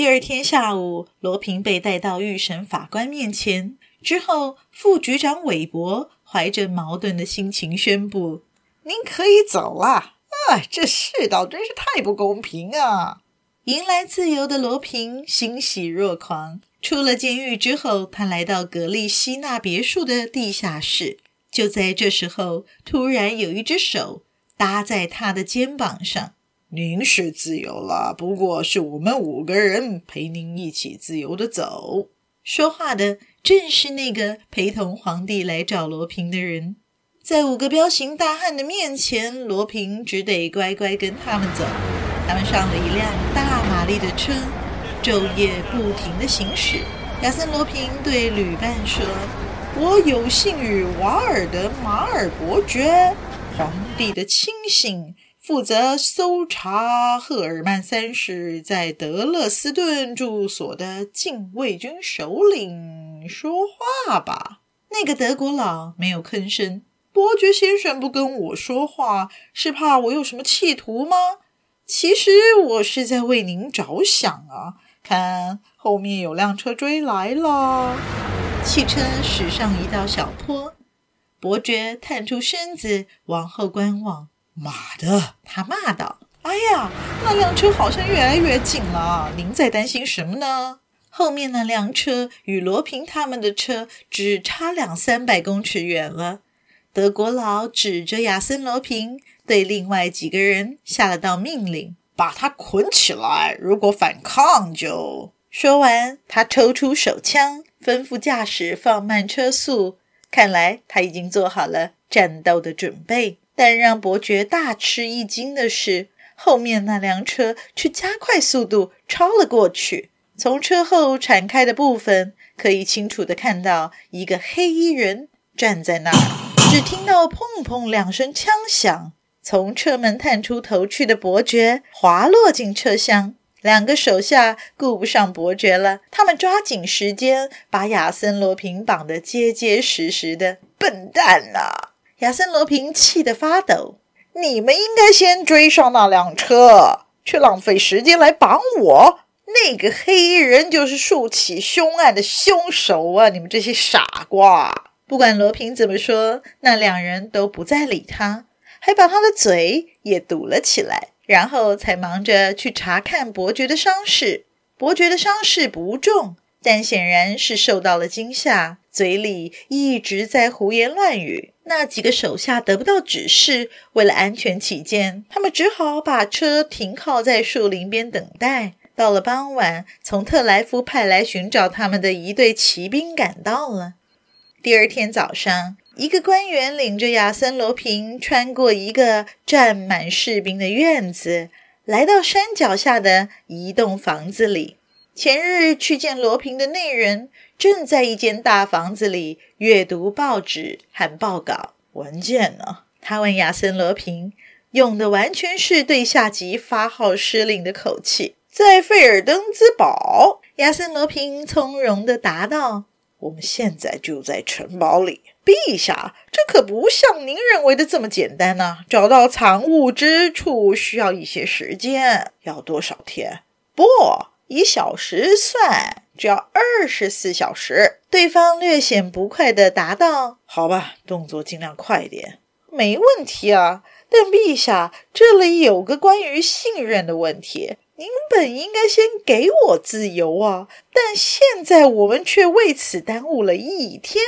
第二天下午，羅平被帶到預審法官面前。之後，副局長韋伯懷着矛盾的心情宣布：“您可以走了。”啊，這世道真是太不公平啊！迎來自由的羅平欣喜若狂。出了監獄之後，他來到格力西娜別墅的地下室。就在這時候，突然有一只手搭在他的肩膀上。您是自由了，不過是我們五個人陪您一起自由地走。說話的正是那個陪同皇帝來找羅平的人。在五個彪形大漢的面前，羅平只得乖乖跟他們走。他們上了一輛大馬力的車，晝夜不停地行駛。亞森羅平對旅伴說：“我有幸與瓦爾德馬爾伯爵，皇帝的親信。”負責搜查赫爾曼三世在德勒斯頓住所的禁衛軍首領說話吧。那個德國佬沒有吭聲。伯爵先生不跟我說話，是怕我有什麼企圖嗎？其實我是在為您着想啊。看，後面有輛車追來了。汽車駛上一道小坡，伯爵探出身子往後觀望。媽的！他罵道：“哎呀，那輛車好像越來越近了。您在擔心什麼呢？後面那輛車與羅蘋他們的車只差兩三百公尺遠了。”德國佬指着亞森·羅蘋，對另外幾個人下了道命令：“把他捆起來，如果反抗就……”說完，他抽出手槍，吩咐駕駛放慢車速。看來他已經做好了戰鬥的準備。但讓伯爵大吃一驚的是，後面那輛車卻加快速度超了過去。從車後敞開的部分，可以清楚地看到一個黑衣人站在那兒。只聽到“砰砰”兩聲槍響，從車門探出頭去的伯爵滑落進車廂。兩個手下顧不上伯爵了，他們抓緊時間把亞森·羅平綁得結結實實的。笨蛋啊！亞森·羅平氣得發抖。你們應該先追上那輛車，卻浪費時間來綁我。那個黑衣人就是數起凶案的凶手啊！你們這些傻瓜！不管羅平怎麼說，那兩人都不再理他，還把他的嘴也堵了起來，然後才忙着去查看伯爵的傷勢。伯爵的傷勢不重，但顯然是受到了驚嚇，嘴裡一直在胡言亂語。那幾個手下得不到指示，為了安全起見，他們只好把車停靠在樹林邊等待。到了傍晚，從特萊夫派來尋找他們的一隊騎兵趕到了。第二天早上，一個官員領着亞森·羅平穿過一個站滿士兵的院子，來到山腳下的一棟房子裡。前日去見羅平的那人，正在一間大房子裡閱讀報紙和報告文件呢。他問亞森·羅平，用的完全是對下級發號施令的口氣。在費爾登茲堡，亞森·羅平從容地答道：“我們現在就在城堡裡，陛下。這可不像您認為的這麼簡單呢、啊。找到藏物之處需要一些時間，要多少天？不。”一小時算，只要二十四小時。對方略顯不快地答道：“好吧，動作儘量快一點，沒問題啊。但陛下，這裡有個關於信任的問題。您本應該先給我自由啊，但現在我們卻為此耽誤了一天，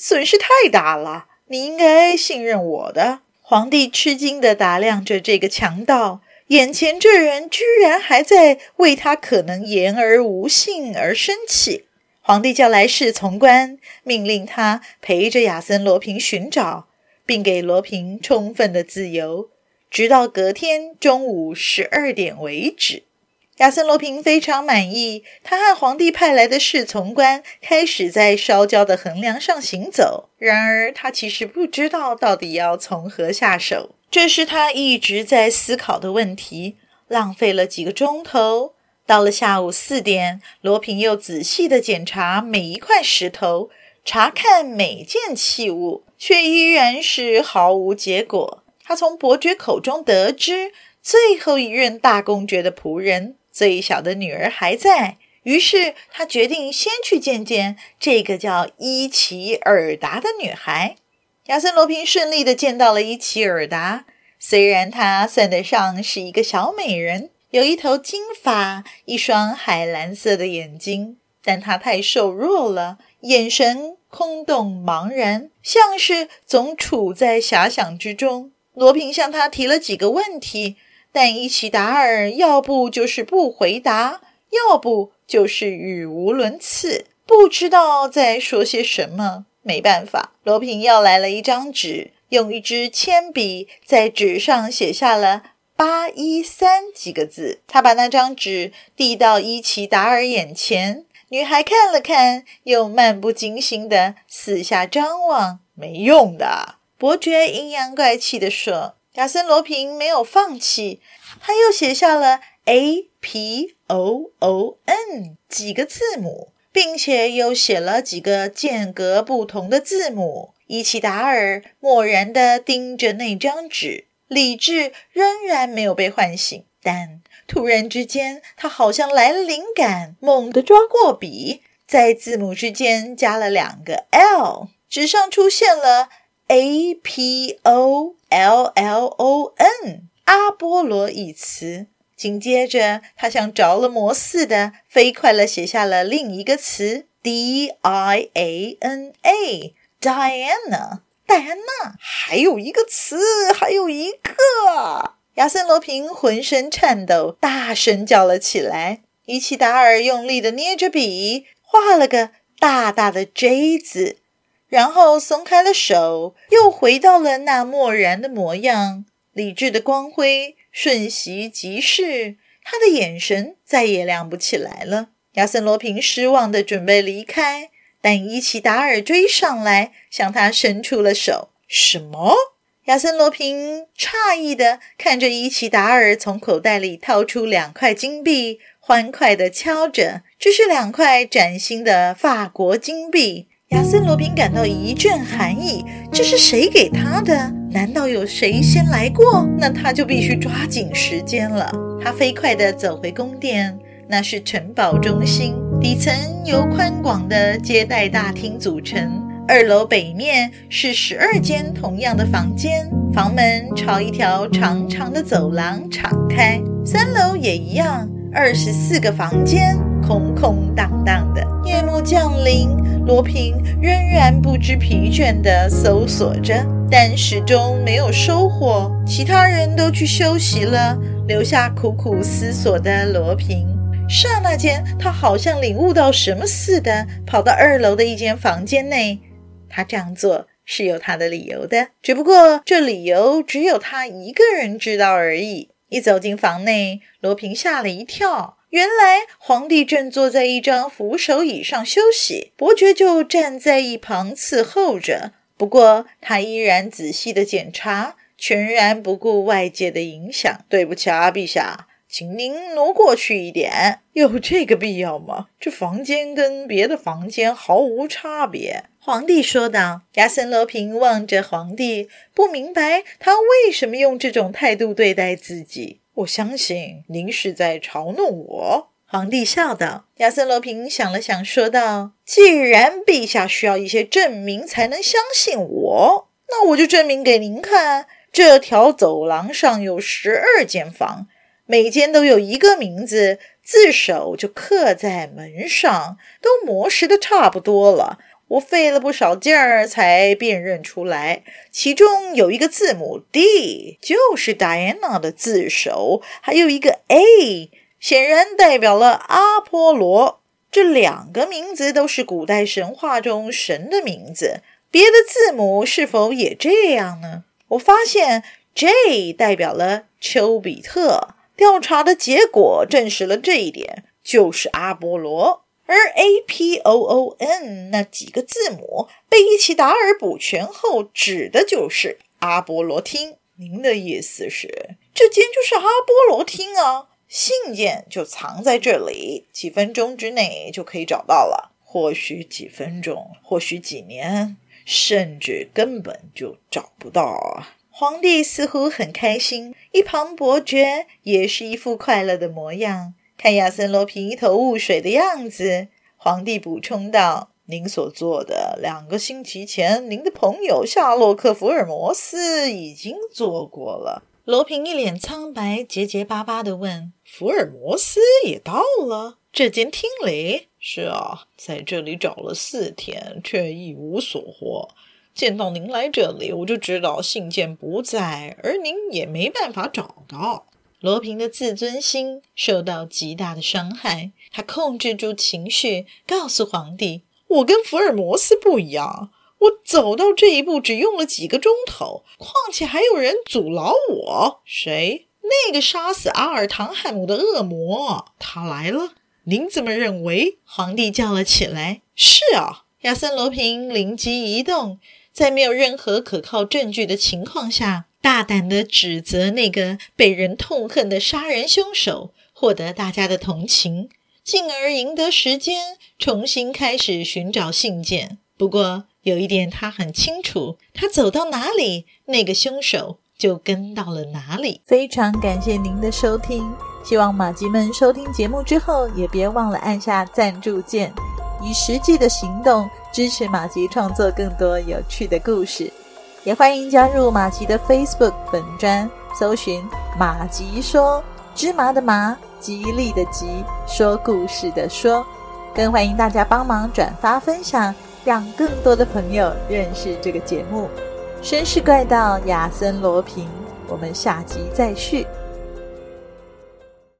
損失太大了。你應該信任我的。”皇帝吃驚地打量着這個強盜。眼前這人居然還在為他可能言而無信而生氣。皇帝叫來侍從官，命令他陪着亞森·羅平尋找，並給羅平充分的自由，直到隔天中午十二點為止。亞森·羅平非常滿意，他和皇帝派來的侍從官開始在燒焦的橫梁上行走。然而，他其實不知道到底要從何下手。這是他一直在思考的問題，浪費了幾個鐘頭。到了下午四點，羅平又仔細地檢查每一塊石頭，查看每件器物，卻依然是毫無結果。他從伯爵口中得知，最後一任大公爵的僕人、最小的女兒還在，於是他決定先去見見這個叫伊奇爾達的女孩。亞森·羅平順利的見到了伊奇爾達，雖然她算得上是一個小美人，有一頭金髮，一雙海藍色的眼睛，但她太瘦弱了，眼神空洞茫然，像是總處在遐想之中。羅平向他提了幾個問題，但伊奇達爾要不就是不回答，要不就是語無倫次，不知道在說些什麼。沒辦法，羅平要來了一張紙，用一支鉛筆在紙上寫下了“八一三”幾個字。他把那張紙遞到伊奇達爾眼前，女孩看了看，又漫不經心地四下張望。沒用的，伯爵陰陽怪氣地說。亞森·羅平沒有放棄，他又寫下了 “A P O O N” 幾個字母。並且又寫了幾個間隔不同的字母。伊奇達爾漠然地盯着那張紙，理智仍然沒有被喚醒。但突然之間，他好像來了靈感，猛地抓過筆，在字母之間加了兩個 L。紙上出現了 A P O L L O N，阿波羅一詞。緊接着，他像着了魔似的，飛快地寫下了另一個詞：D I A N A，戴安娜，戴安娜。還有一個詞，還有一個。亞森羅平渾身顫抖，大聲叫了起來。伊奇達爾用力地捏着筆，畫了個大大的 “J” 字，然後鬆開了手，又回到了那漠然的模樣，理智的光輝，瞬息即逝，他的眼神再也亮不起來了。亞森羅蘋失望地準備離開，但伊奇達爾追上來，向他伸出了手。什麼？亞森羅蘋詫異地看着伊奇達爾從口袋裡掏出兩塊金幣，歡快地敲着。這是兩塊嶄新的法國金幣。亞森羅蘋感到一陣寒意。這是誰給他的？難道有誰先來過？那他就必須抓緊時間了。他飛快地走回宮殿，那是城堡中心。底層由寬廣的接待大廳組成，二樓北面是十二間同樣的房間，房門朝一條長長的走廊敞開。三樓也一樣，二十四個房間，空空蕩蕩的。夜幕降臨，羅平仍然不知疲倦地搜索着。但始終沒有收穫，其他人都去休息了，留下苦苦思索的羅蘋。剎那間，他好像領悟到什麼似的，跑到二樓的一間房間內。他這樣做是有他的理由的，只不過這理由只有他一個人知道而已。一走進房內，羅蘋嚇了一跳，原來皇帝正坐在一張扶手椅上休息，伯爵就站在一旁伺候着。不過，他依然仔細的檢查，全然不顧外界的影響。對不起，啊，陛下，請您挪過去一點，有這個必要嗎？這房間跟別的房間毫無差別。皇帝說道。亞森羅平望着皇帝，不明白他為什麼用這種態度對待自己。我相信您是在嘲弄我。皇帝笑道：“亞森羅蘋想了想，說道：‘既然陛下需要一些證明才能相信我，那我就證明給您看。這條走廊上有十二間房，每間都有一個名字，字首就刻在門上，都磨蝕的差不多了。我費了不少勁兒才辨認出來，其中有一個字母 D，就是 Diana 的字首，還有一個 A。”顯然代表了阿波羅，這兩個名字都是古代神話中神的名字。別的字母是否也這樣呢？我發現 J 代表了丘比特，調查的結果證實了這一點，就是阿波羅。而 A P O O N 那幾個字母被伊奇達爾補全後，指的就是阿波羅廳。您的意思是，這間就是阿波羅廳啊？信件就藏在這裡，幾分鐘之內就可以找到了。或許幾分鐘，或許幾年，甚至根本就找不到啊。皇帝似乎很開心，一旁伯爵也是一副快樂的模樣。看亞森·羅平一頭霧水的樣子，皇帝補充道：“您所做的，兩個星期前，您的朋友夏洛克·福爾摩斯已經做過了。”羅平一臉蒼白，結結巴巴地問：“福爾摩斯也到了這間廳裡？是啊，在這裡找了四天，卻一無所獲。見到您來這裡，我就知道信件不在，而您也沒辦法找到。”羅蘋的自尊心受到極大的傷害，他控制住情緒，告訴皇帝：“我跟福爾摩斯不一樣。”我走到這一步，只用了幾個鐘頭，況且還有人阻撓我。誰？那個殺死阿爾唐海姆的惡魔，他來了。您怎麼認為？皇帝叫了起來。是啊，亞森羅平靈機一動，在沒有任何可靠證據的情況下，大膽地指責那個被人痛恨的殺人兇手，獲得大家的同情，進而贏得時間，重新開始尋找信件。不過。有一點他很清楚，他走到哪裡，那個凶手就跟到了哪裡。非常感謝您的收聽，希望馬吉們收聽節目之後也別忘了按下贊助鍵，以實際的行動支持馬吉創作更多有趣的故事。也歡迎加入馬吉的 Facebook 本專，搜尋“馬吉說，芝麻的麻，吉利的吉，說故事的說”，更歡迎大家幫忙轉發分享。讓更多的朋友認識這個節目，《紳士怪盜亞森羅平》，我們下集再續。